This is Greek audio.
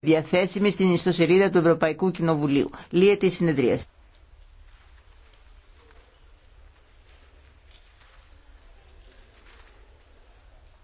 διαθέσιμη στην ιστοσελίδα του Ευρωπαϊκού Κοινοβουλίου. Λύεται η συνεδρίαση.